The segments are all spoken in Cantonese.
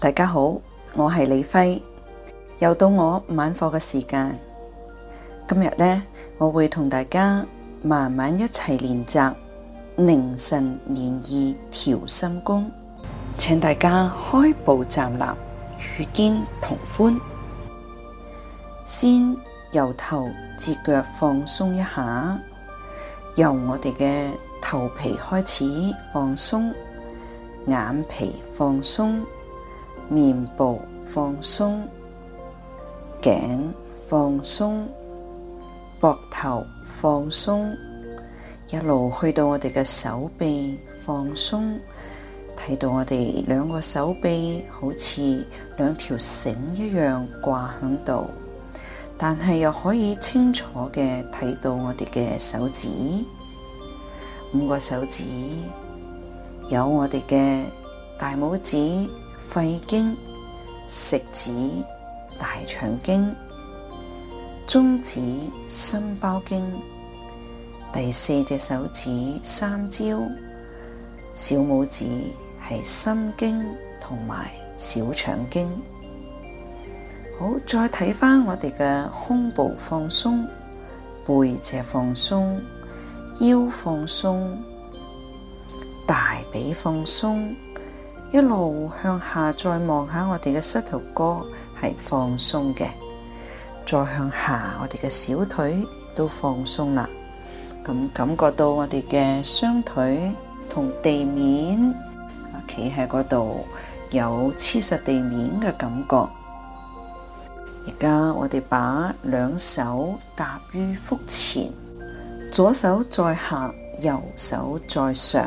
大家好，我係李輝，又到我晚課嘅時間。今日呢，我會同大家慢慢一齊練習寧神練意調心功，請大家開步站立，與肩同寬。先由頭至腳放鬆一下，由我哋嘅頭皮開始放鬆，眼皮放鬆。面部放鬆，頸放鬆，膊頭放鬆，一路去到我哋嘅手臂放鬆，睇到我哋兩個手臂好似兩條繩一樣掛喺度，但係又可以清楚嘅睇到我哋嘅手指，五個手指，有我哋嘅大拇指。肺經、食指、大腸經、中指、心包經，第四隻手指三焦，小拇指係心經同埋小腸經。好，再睇翻我哋嘅胸部放鬆，背脊放鬆，腰放鬆，大髀放鬆。一路向下，再望下我哋嘅膝頭哥係放鬆嘅，再向下，我哋嘅小腿亦都放鬆啦。咁感覺到我哋嘅雙腿同地面企喺嗰度有黐實地面嘅感覺。而家我哋把兩手搭於腹前，左手在下，右手在上，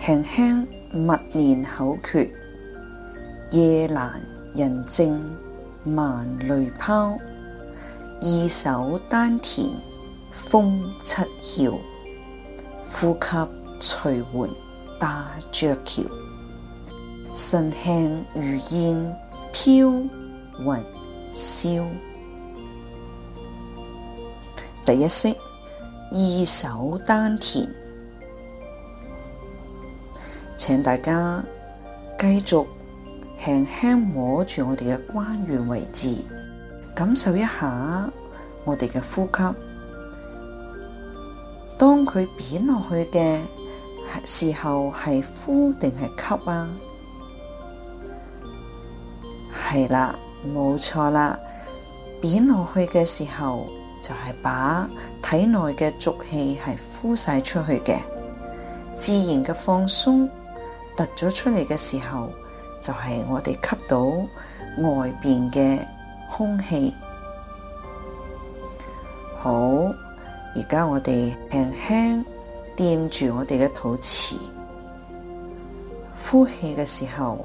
輕輕。默念口訣，夜闌人靜，萬慮拋；二手丹田，風七竅，呼吸徐緩，搭鵲橋，神輕如燕飄雲霄。第一式，二手丹田。請大家繼續輕輕摸住我哋嘅關元位置，感受一下我哋嘅呼吸。當佢扁落去嘅時候，係呼定係吸啊？係啦，冇錯啦，扁落去嘅時候就係、是、把體內嘅濁氣係呼晒出去嘅，自然嘅放鬆。凸咗出嚟嘅時候，就係我哋吸到外邊嘅空氣。好，而家我哋輕輕掂住我哋嘅肚臍，呼氣嘅時候，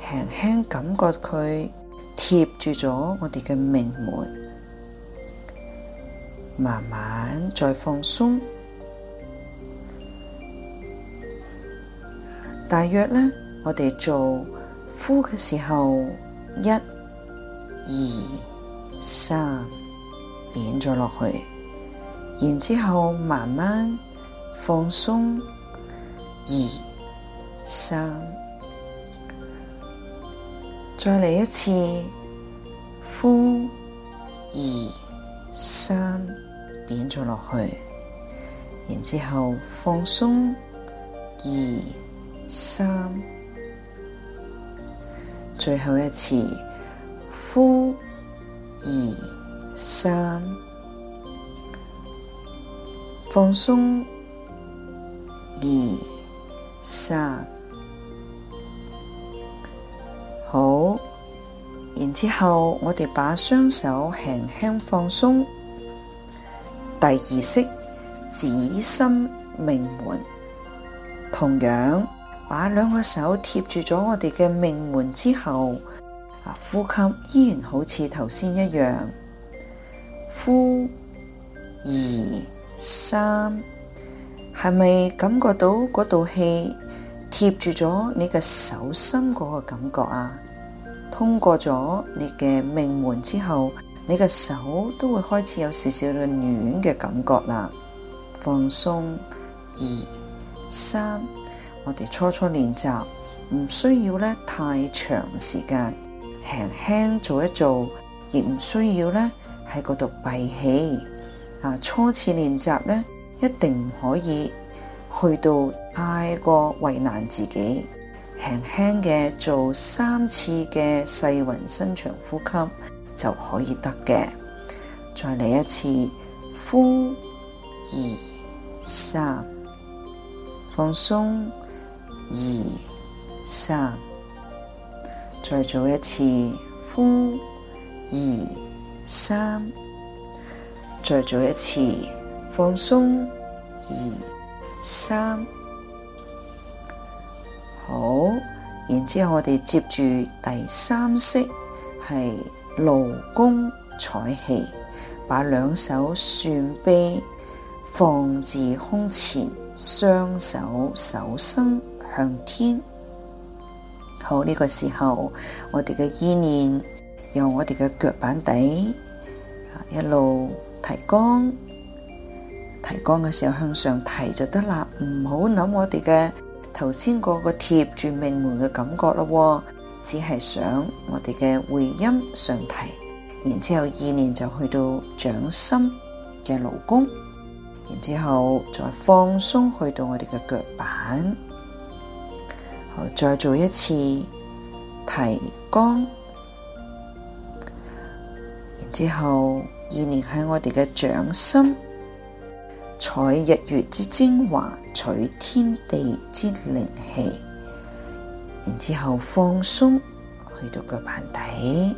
輕輕感覺佢貼住咗我哋嘅命門，慢慢再放鬆。大約咧，我哋做呼嘅時候，一、二、三，扁咗落去，然之後慢慢放鬆，二、三，再嚟一次呼，二、三，扁咗落去，然之後放鬆，二。三，最後一次呼，二三，放鬆，二三，好。然之後我哋把雙手輕輕放鬆。第二式，指心命門，同樣。把兩個手貼住咗我哋嘅命門之後，呼吸依然好似頭先一樣，呼二三，係咪感覺到嗰道氣貼住咗你嘅手心嗰個感覺啊？通過咗你嘅命門之後，你嘅手都會開始有少少嘅暖嘅感覺啦。放鬆二三。我哋初初練習唔需要咧太長時間，輕輕做一做，亦唔需要咧喺嗰度閉氣。啊，初次練習咧一定唔可以去到太過為難自己，輕輕嘅做三次嘅細勻伸長呼吸就可以得嘅。再嚟一次，呼二三，放鬆。二三，再做一次呼，二三，再做一次放鬆，二三，好，然之後我哋接住第三式係勞宮採氣，把兩手扇臂放至胸前，雙手手心。向天。好，呢個時候，我哋嘅意念由我哋嘅腳板底一路提光，提光嘅時候向上提就得啦。唔好諗我哋嘅頭先嗰個貼住命門嘅感覺咯，只係想我哋嘅會陰上提，然之後意念就去到掌心嘅勞宮，然之後再放鬆去到我哋嘅腳板。再做一次提肛，然之後意念喺我哋嘅掌心，採日月之精華，取天地之靈氣，然之後放鬆去到腳板底，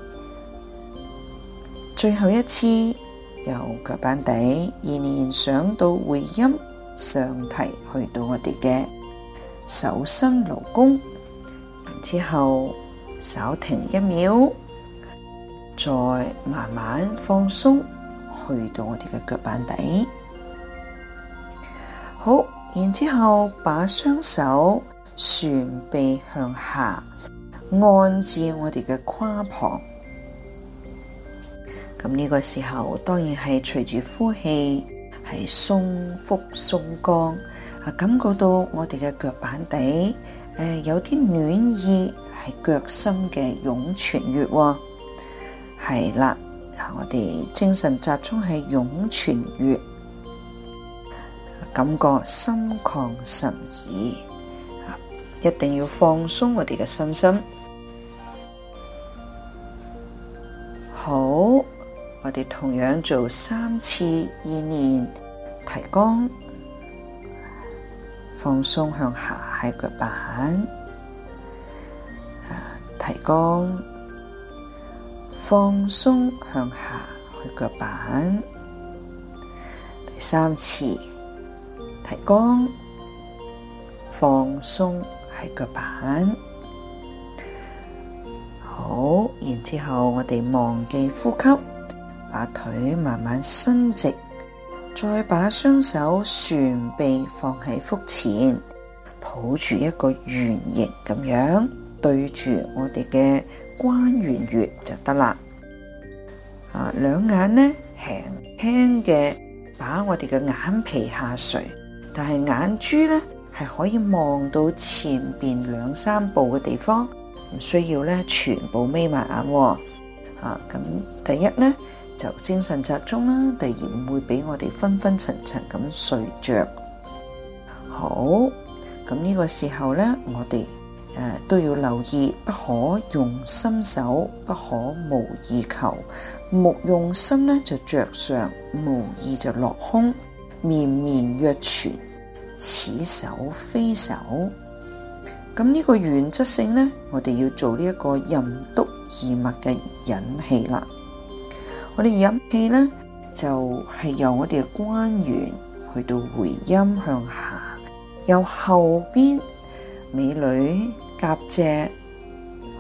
最後一次由腳板底意念上到會陰上提去到我哋嘅。手心勞宮，然之後稍停一秒，再慢慢放鬆，去到我哋嘅腳板底。好，然之後把雙手旋臂向下，按住我哋嘅胯旁。咁呢個時候，當然係隨住呼氣，係鬆腹鬆肛。啊，感覺到我哋嘅腳板底，誒，有啲暖意，係腳心嘅湧泉穴喎。係啦，我哋精神集中喺湧泉穴，感覺心曠神怡。啊，一定要放鬆我哋嘅身心。好，我哋同樣做三次意念提肛。放鬆向下係腳板，誒，提肛，放鬆向下係腳板，第三次，提肛，放鬆係腳板，好，然之後我哋忘記呼吸，把腿慢慢伸直。再把雙手旋臂，放喺腹前，抱住一個圓形咁樣，對住我哋嘅關元穴就得啦。啊，兩眼呢，輕輕嘅把我哋嘅眼皮下垂，但係眼珠呢係可以望到前邊兩三步嘅地方，唔需要呢全部眯埋眼。啊，咁第一呢，精神集中啦，突然唔會俾我哋昏昏沉沉咁睡着。好，咁呢個時候呢，我哋誒、呃、都要留意，不可用心手，不可無意求。目用心呢，就着上，無意就落空。綿綿若存，似手非手。咁呢個原則性呢，我哋要做呢一個任督二脈嘅引氣啦。我哋飲氣咧，就係、是、由我哋嘅關元去到回陰向下，由後邊美女夾脊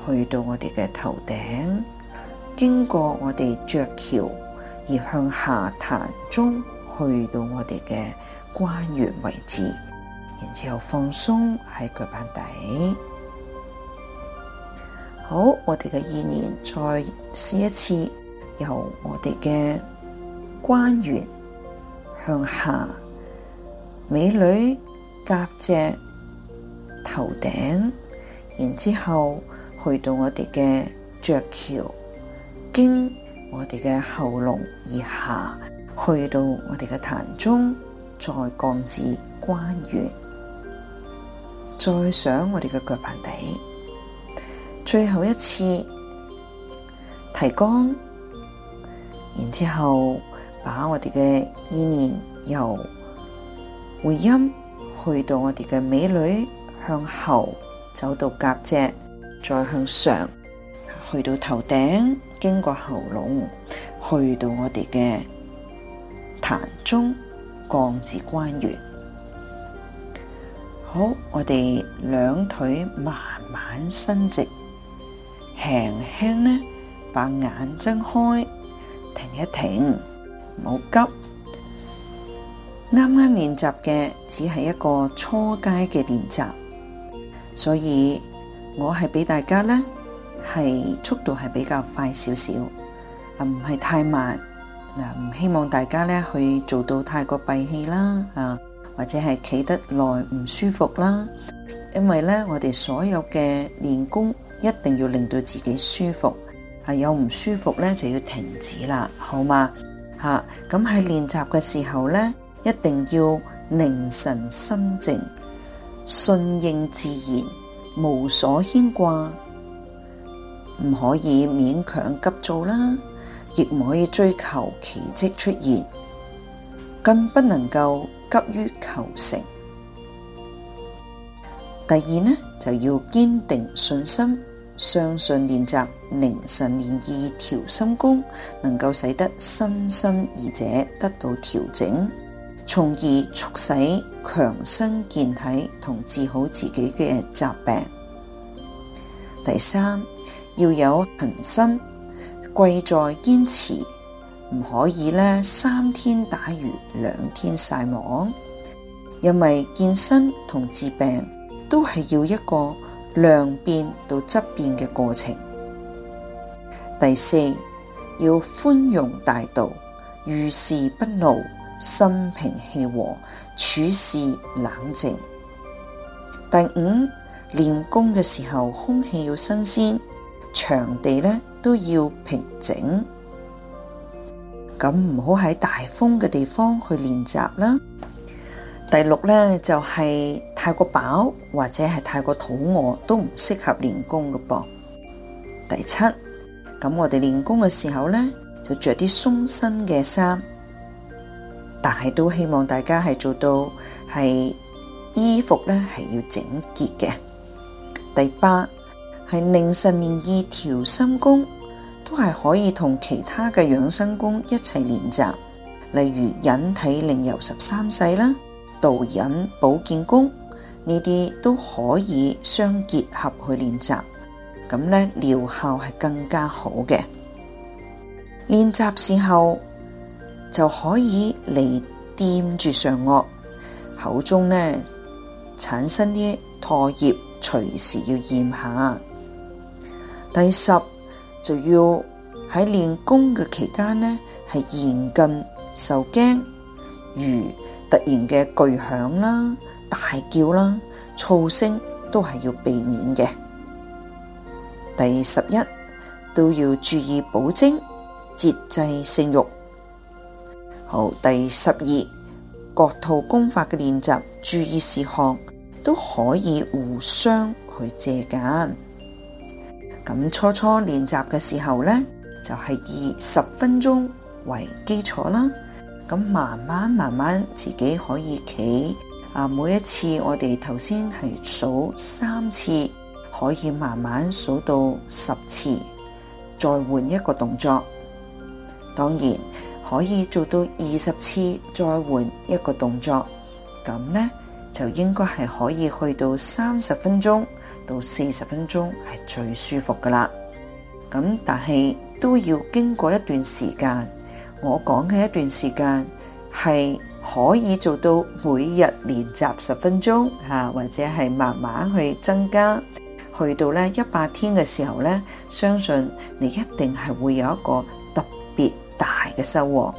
去到我哋嘅頭頂，經過我哋鵲橋而向下膻中，去到我哋嘅關元位置，然之後放鬆喺腳板底。好，我哋嘅意念再試一次。由我哋嘅關元向下，尾閭、夾脊、頭頂，然之後去到我哋嘅鵲橋，經我哋嘅喉嚨以下，去到我哋嘅膻中，再降至關元，再上我哋嘅腳板底，最後一次提肛。然之後，把我哋嘅意念由回音去到我哋嘅美女，向後走到夾脊，再向上去到頭頂，經過喉嚨，去到我哋嘅檀中，降至關元。好，我哋兩腿慢慢伸直，輕輕呢，把眼睜開。停一停，唔好急。啱啱練習嘅只係一個初階嘅練習，所以我係俾大家咧，係速度係比較快少少，啊唔係太慢。啊唔希望大家咧去做到太過閉氣啦，啊或者係企得耐唔舒服啦。因為咧我哋所有嘅練功一定要令到自己舒服。啊，有唔舒服咧，就要停止啦，好嗎？吓，咁喺練習嘅時候咧，一定要凝神心靜，順應自然，無所牽掛，唔可以勉強急做啦，亦唔可以追求奇蹟出現，更不能夠急於求成。第二咧，就要堅定信心。相信練習凝神練意調心功，能夠使得身心二者得到調整，從而促使強身健體同治好自己嘅疾病。第三，要有恒心，貴在堅持，唔可以咧三天打魚兩天曬網，因為健身同治病都係要一個。量變到質變嘅過程。第四，要寬容大度，遇事不怒，心平氣和，處事冷靜。第五，練功嘅時候，空氣要新鮮，場地咧都要平整。咁唔好喺大風嘅地方去練習啦。第六咧就係、是、太過飽或者係太過肚餓，都唔適合練功嘅噃。第七，咁我哋練功嘅時候咧就着啲鬆身嘅衫，但係都希望大家係做到係衣服咧係要整潔嘅。第八係，寧神練意調心功都係可以同其他嘅養生功一齊練習，例如引體令游十三世啦。導引、保健功呢啲都可以相結合去練習，咁咧療效係更加好嘅。練習時候就可以嚟掂住上顎，口中呢產生啲唾液，隨時要咽下。第十就要喺練功嘅期間呢，係嚴禁受驚如。突然嘅巨響啦、大叫啦、噪聲都係要避免嘅。第十一，一都要注意保精節制性慾。好，第十二，各套功法嘅練習注意事項都可以互相去借鑒。咁初初練習嘅時候咧，就係、是、以十分鐘為基礎啦。咁慢慢慢慢自己可以企啊！每一次我哋頭先係數三次，可以慢慢數到十次，再換一個動作。當然可以做到二十次，再換一個動作。咁呢，就應該係可以去到三十分鐘到四十分鐘係最舒服噶啦。咁但係都要經過一段時間。我講嘅一段時間係可以做到每日練習十分鐘嚇，或者係慢慢去增加，去到呢一百天嘅時候呢，相信你一定係會有一個特別大嘅收穫。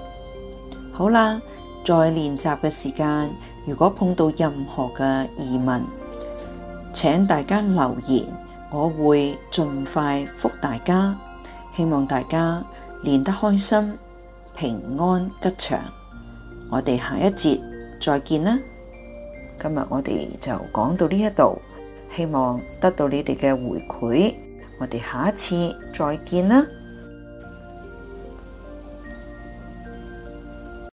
好啦，在練習嘅時間，如果碰到任何嘅疑問，請大家留言，我會盡快覆大家。希望大家練得開心。平安吉祥，我哋下一節再見啦。今日我哋就講到呢一度，希望得到你哋嘅回饋，我哋下一次再見啦。